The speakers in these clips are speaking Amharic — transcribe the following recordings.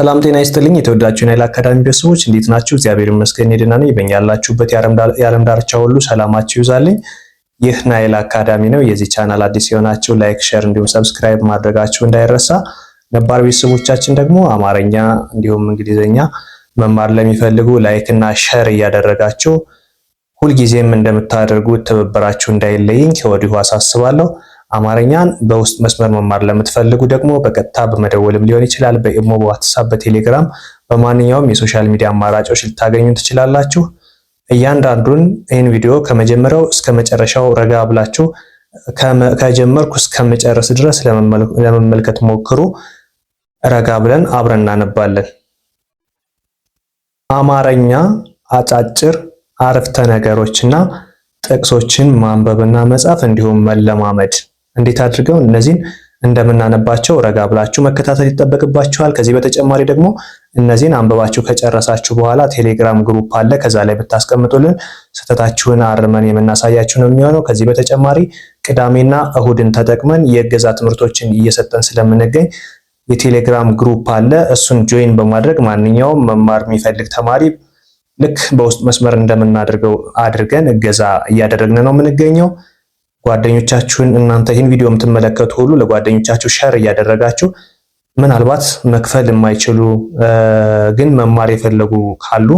ሰላም ጤና ይስጥልኝ የተወዳችሁ ናይል አካዳሚ ቤተሰቦች እንዴት ናችሁ? እግዚአብሔር ይመስገን ደህና ነኝ። በእኛ ያላችሁበት የዓለም ዳርቻ ሁሉ ሰላማችሁ ይብዛልኝ። ይህ ናይል አካዳሚ ነው። የዚህ ቻናል አዲስ የሆናችሁ ላይክ፣ ሼር እንዲሁም ሰብስክራይብ ማድረጋችሁ እንዳይረሳ። ነባር ቤተሰቦቻችን ደግሞ አማርኛ እንዲሁም እንግሊዝኛ መማር ለሚፈልጉ ላይክ እና ሼር እያደረጋችሁ ሁልጊዜም እንደምታደርጉት ትብብራችሁ እንዳይለይኝ ከወዲሁ አሳስባለሁ። አማርኛን በውስጥ መስመር መማር ለምትፈልጉ ደግሞ በቀጥታ በመደወልም ሊሆን ይችላል። በኢሞ፣ በዋትሳፕ፣ በቴሌግራም በማንኛውም የሶሻል ሚዲያ አማራጮች ልታገኙ ትችላላችሁ። እያንዳንዱን ይህን ቪዲዮ ከመጀመሪያው እስከ መጨረሻው ረጋ ብላችሁ ከጀመርኩ እስከምጨርስ ድረስ ለመመልከት ሞክሩ። ረጋ ብለን አብረን እናነባለን። አማርኛ አጫጭር አረፍተ ነገሮችና ጥቅሶችን ማንበብና መጻፍ እንዲሁም መለማመድ እንዴት አድርገው እነዚህን እንደምናነባቸው ረጋ ብላችሁ መከታተል ይጠበቅባችኋል። ከዚህ በተጨማሪ ደግሞ እነዚህን አንብባችሁ ከጨረሳችሁ በኋላ ቴሌግራም ግሩፕ አለ። ከዛ ላይ ብታስቀምጡልን ስህተታችሁን አርመን የምናሳያችሁ ነው የሚሆነው። ከዚህ በተጨማሪ ቅዳሜና እሁድን ተጠቅመን የእገዛ ትምህርቶችን እየሰጠን ስለምንገኝ የቴሌግራም ግሩፕ አለ። እሱን ጆይን በማድረግ ማንኛውም መማር የሚፈልግ ተማሪ ልክ በውስጥ መስመር እንደምናደርገው አድርገን እገዛ እያደረግን ነው የምንገኘው። ጓደኞቻችሁን እናንተ ይህን ቪዲዮ የምትመለከቱ ሁሉ ለጓደኞቻችሁ ሸር እያደረጋችሁ ምናልባት መክፈል የማይችሉ ግን መማር የፈለጉ ካሉ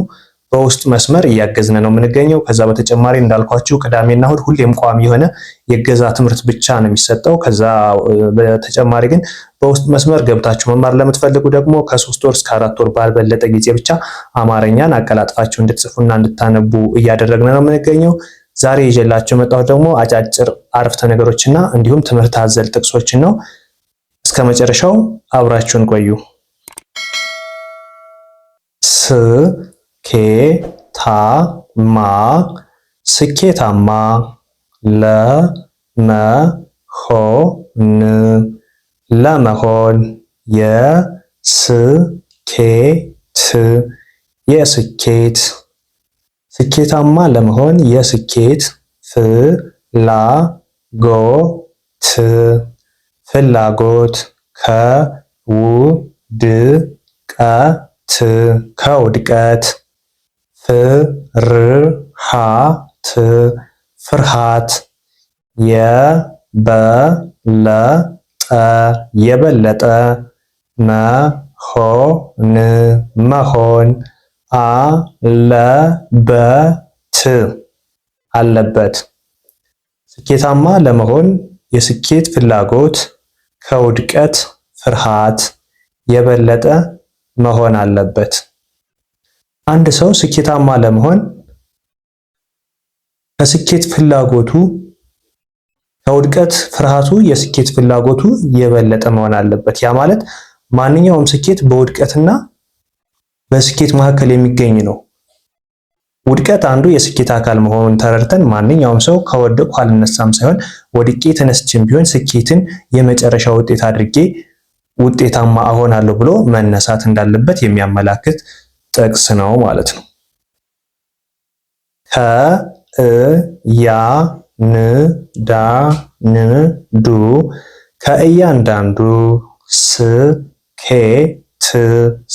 በውስጥ መስመር እያገዝነ ነው የምንገኘው። ከዛ በተጨማሪ እንዳልኳችሁ ቅዳሜና እሁድ ሁሌም ቋሚ የሆነ የገዛ ትምህርት ብቻ ነው የሚሰጠው። ከዛ በተጨማሪ ግን በውስጥ መስመር ገብታችሁ መማር ለምትፈልጉ ደግሞ ከሶስት ወር እስከ አራት ወር ባልበለጠ ጊዜ ብቻ አማርኛን አቀላጥፋችሁ እንድትጽፉና እንድታነቡ እያደረግነ ነው የምንገኘው። ዛሬ ይዤላችሁ መጣሁ ደግሞ አጫጭር አረፍተ ነገሮችና እንዲሁም ትምህርት አዘል ጥቅሶችን ነው። እስከ መጨረሻው አብራችሁን ቆዩ። ስኬታማ ስኬታማ ለመሆን ለመሆን የስኬት የስኬት ስኬታማ ለመሆን የስኬት ፍላጎት ፍላጎት ከውድቀት ከውድቀት ፍርሃት ፍርሃት የበለጠ የበለጠ መሆን መሆን አለበት አለበት ስኬታማ ለመሆን የስኬት ፍላጎት ከውድቀት ፍርሃት የበለጠ መሆን አለበት። አንድ ሰው ስኬታማ ለመሆን ከስኬት ፍላጎቱ ከውድቀት ፍርሃቱ የስኬት ፍላጎቱ የበለጠ መሆን አለበት። ያ ማለት ማንኛውም ስኬት በውድቀትና በስኬት መካከል የሚገኝ ነው። ውድቀት አንዱ የስኬት አካል መሆኑን ተረድተን ማንኛውም ሰው ከወደቁ አልነሳም ሳይሆን ወድቄ ተነስቼም ቢሆን ስኬትን የመጨረሻ ውጤት አድርጌ ውጤታማ እሆናለሁ ብሎ መነሳት እንዳለበት የሚያመላክት ጥቅስ ነው ማለት ነው። ከእያንዳንዱ ከእያንዳንዱ ስኬት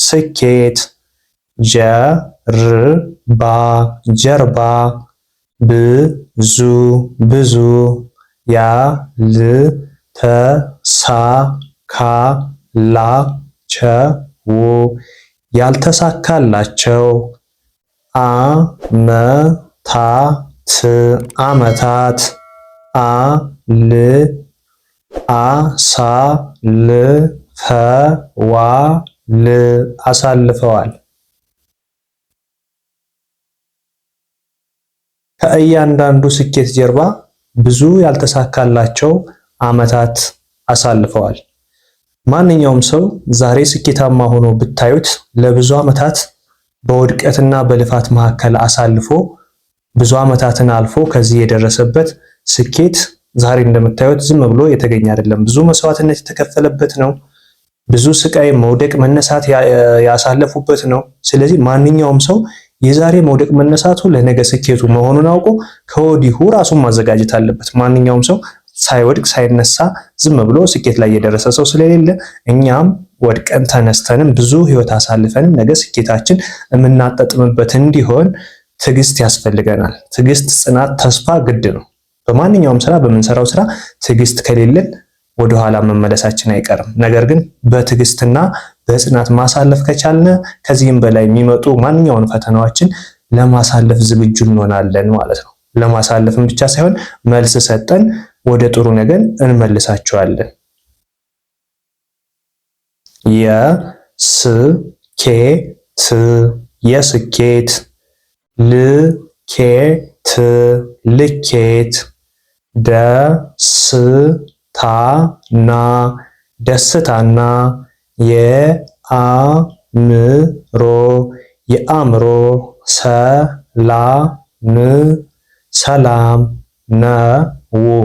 ስኬት ጀርባ ጀርባ ብዙ ብዙ ያልተሳካላቸው ያልተሳካላቸው አመታት አመታት አል አሳልፈዋል አሳልፈዋል ከእያንዳንዱ ስኬት ጀርባ ብዙ ያልተሳካላቸው ዓመታት አሳልፈዋል። ማንኛውም ሰው ዛሬ ስኬታማ ሆኖ ብታዩት ለብዙ ዓመታት በውድቀትና በልፋት መካከል አሳልፎ ብዙ ዓመታትን አልፎ ከዚህ የደረሰበት ስኬት ዛሬ እንደምታዩት ዝም ብሎ የተገኘ አይደለም። ብዙ መስዋዕትነት የተከፈለበት ነው። ብዙ ስቃይ፣ መውደቅ፣ መነሳት ያሳለፉበት ነው። ስለዚህ ማንኛውም ሰው የዛሬ መውደቅ መነሳቱ ለነገ ስኬቱ መሆኑን አውቆ ከወዲሁ ራሱን ማዘጋጀት አለበት። ማንኛውም ሰው ሳይወድቅ ሳይነሳ ዝም ብሎ ስኬት ላይ የደረሰ ሰው ስለሌለ እኛም ወድቀን ተነስተንም ብዙ ህይወት አሳልፈንም ነገ ስኬታችን የምናጠጥምበት እንዲሆን ትዕግስት ያስፈልገናል። ትዕግስት፣ ጽናት፣ ተስፋ ግድ ነው። በማንኛውም ስራ በምንሰራው ስራ ትዕግስት ከሌለን ወደኋላ መመለሳችን አይቀርም። ነገር ግን በትዕግስትና በጽናት ማሳለፍ ከቻልን ከዚህም በላይ የሚመጡ ማንኛውን ፈተናዎችን ለማሳለፍ ዝግጁ እንሆናለን ማለት ነው። ለማሳለፍም ብቻ ሳይሆን መልስ ሰጠን ወደ ጥሩ ነገር እንመልሳቸዋለን። የስኬት የስኬት ልኬት ልኬት ደስታና ደስታና የአምሮ፣ የአእምሮ ሰላም ሰላም ነው።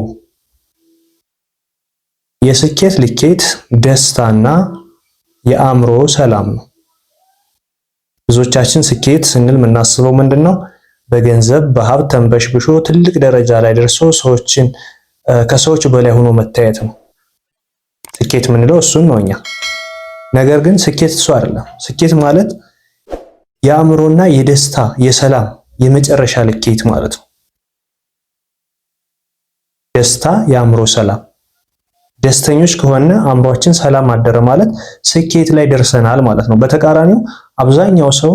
የስኬት ልኬት ደስታና የአእምሮ ሰላም ነው። ብዙዎቻችን ስኬት ስንል የምናስበው ምንድን ነው? በገንዘብ በሀብት ተንበሽብሾ ትልቅ ደረጃ ላይ ደርሶ ሰዎችን ከሰዎች በላይ ሆኖ መታየት ነው። ስኬት የምንለው እሱን ነው እኛ ነገር ግን ስኬት እሱ አይደለም። ስኬት ማለት የአእምሮና የደስታ የሰላም የመጨረሻ ልኬት ማለት ነው። ደስታ፣ የአእምሮ ሰላም። ደስተኞች ከሆነ አእምሯችን ሰላም አደረ ማለት ስኬት ላይ ደርሰናል ማለት ነው። በተቃራኒው አብዛኛው ሰው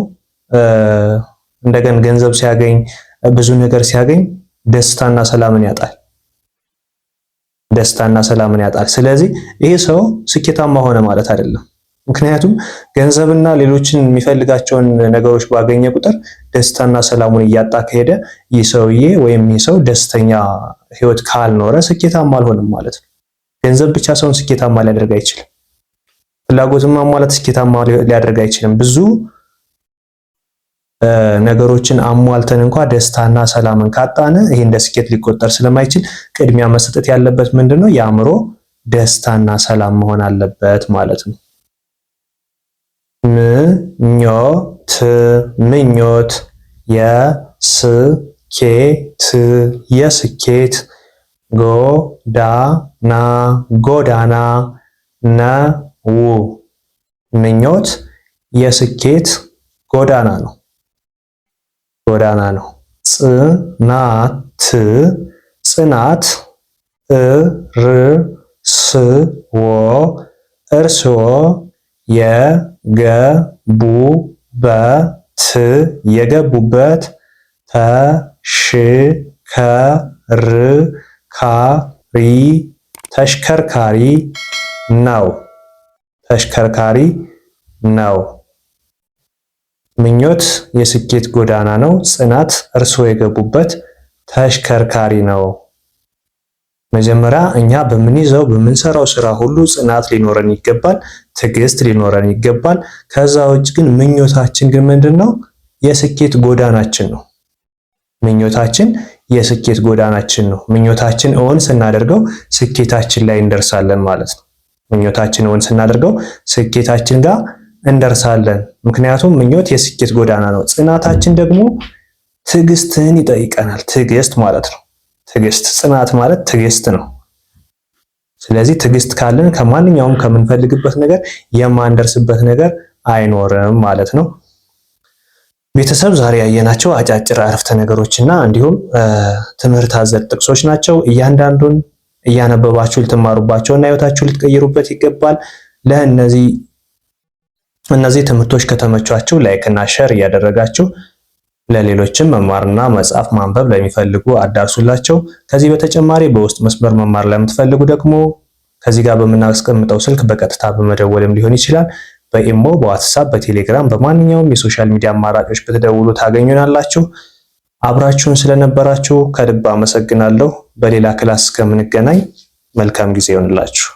እንደገን ገንዘብ ሲያገኝ ብዙ ነገር ሲያገኝ ደስታና ሰላምን ያጣል። ደስታና ሰላምን ያጣል። ስለዚህ ይሄ ሰው ስኬታማ ሆነ ማለት አይደለም። ምክንያቱም ገንዘብና ሌሎችን የሚፈልጋቸውን ነገሮች ባገኘ ቁጥር ደስታና ሰላሙን እያጣ ከሄደ ይህ ሰውዬ ወይም ይህ ሰው ደስተኛ ህይወት ካልኖረ ስኬታማ አልሆንም ማለት ነው። ገንዘብ ብቻ ሰውን ስኬታማ ሊያደርግ አይችልም። ፍላጎትን ማሟላት ስኬታማ ሊያደርግ አይችልም። ብዙ ነገሮችን አሟልተን እንኳ ደስታና ሰላምን ካጣነ ይህ እንደ ስኬት ሊቆጠር ስለማይችል ቅድሚያ መሰጠት ያለበት ምንድን ነው? የአእምሮ ደስታና ሰላም መሆን አለበት ማለት ነው። ምኞት ምኞት የስኬት የስኬት ጎዳና ጎዳና ነው። ምኞት የስኬት ጎዳና ነው ጎዳና ነው። ጽናት ጽናት እርስዎ እርስዎ የ ገቡበት የገቡበት ተሽከርካሪ ተሽከርካሪ ነው ተሽከርካሪ ነው። ምኞት የስኬት ጎዳና ነው። ጽናት እርስዎ የገቡበት ተሽከርካሪ ነው። መጀመሪያ እኛ በምንይዘው በምንሰራው ስራ ሁሉ ጽናት ሊኖረን ይገባል፣ ትዕግስት ሊኖረን ይገባል። ከዛ ውጭ ግን ምኞታችን ግን ምንድነው? የስኬት ጎዳናችን ነው። ምኞታችን የስኬት ጎዳናችን ነው። ምኞታችን እውን ስናደርገው ስኬታችን ላይ እንደርሳለን ማለት ነው። ምኞታችን እውን ስናደርገው ስኬታችን ጋር እንደርሳለን። ምክንያቱም ምኞት የስኬት ጎዳና ነው። ጽናታችን ደግሞ ትዕግስትን ይጠይቀናል። ትዕግስት ማለት ነው ትዕግስት ጽናት ማለት ትዕግስት ነው። ስለዚህ ትዕግስት ካለን ከማንኛውም ከምንፈልግበት ነገር የማንደርስበት ነገር አይኖርም ማለት ነው። ቤተሰብ ዛሬ ያየናቸው አጫጭር አረፍተ ነገሮችና እንዲሁም ትምህርት አዘል ጥቅሶች ናቸው። እያንዳንዱን እያነበባችሁ ልትማሩባቸው እና ህይወታችሁ ልትቀይሩበት ይገባል። ለእነዚህ እነዚህ ትምህርቶች ከተመቿችሁ ላይክ እና ሸር እያደረጋችሁ ለሌሎችም መማርና መጻፍ ማንበብ ለሚፈልጉ አዳርሱላቸው። ከዚህ በተጨማሪ በውስጥ መስመር መማር ለምትፈልጉ ደግሞ ከዚህ ጋር በምናስቀምጠው ስልክ በቀጥታ በመደወልም ሊሆን ይችላል። በኢሞ፣ በዋትሳፕ፣ በቴሌግራም በማንኛውም የሶሻል ሚዲያ አማራጮች በተደውሉ ታገኙናላችሁ። አብራችሁን ስለነበራችሁ ከልብ አመሰግናለሁ። በሌላ ክላስ እስከምንገናኝ መልካም ጊዜ ይሆንላችሁ።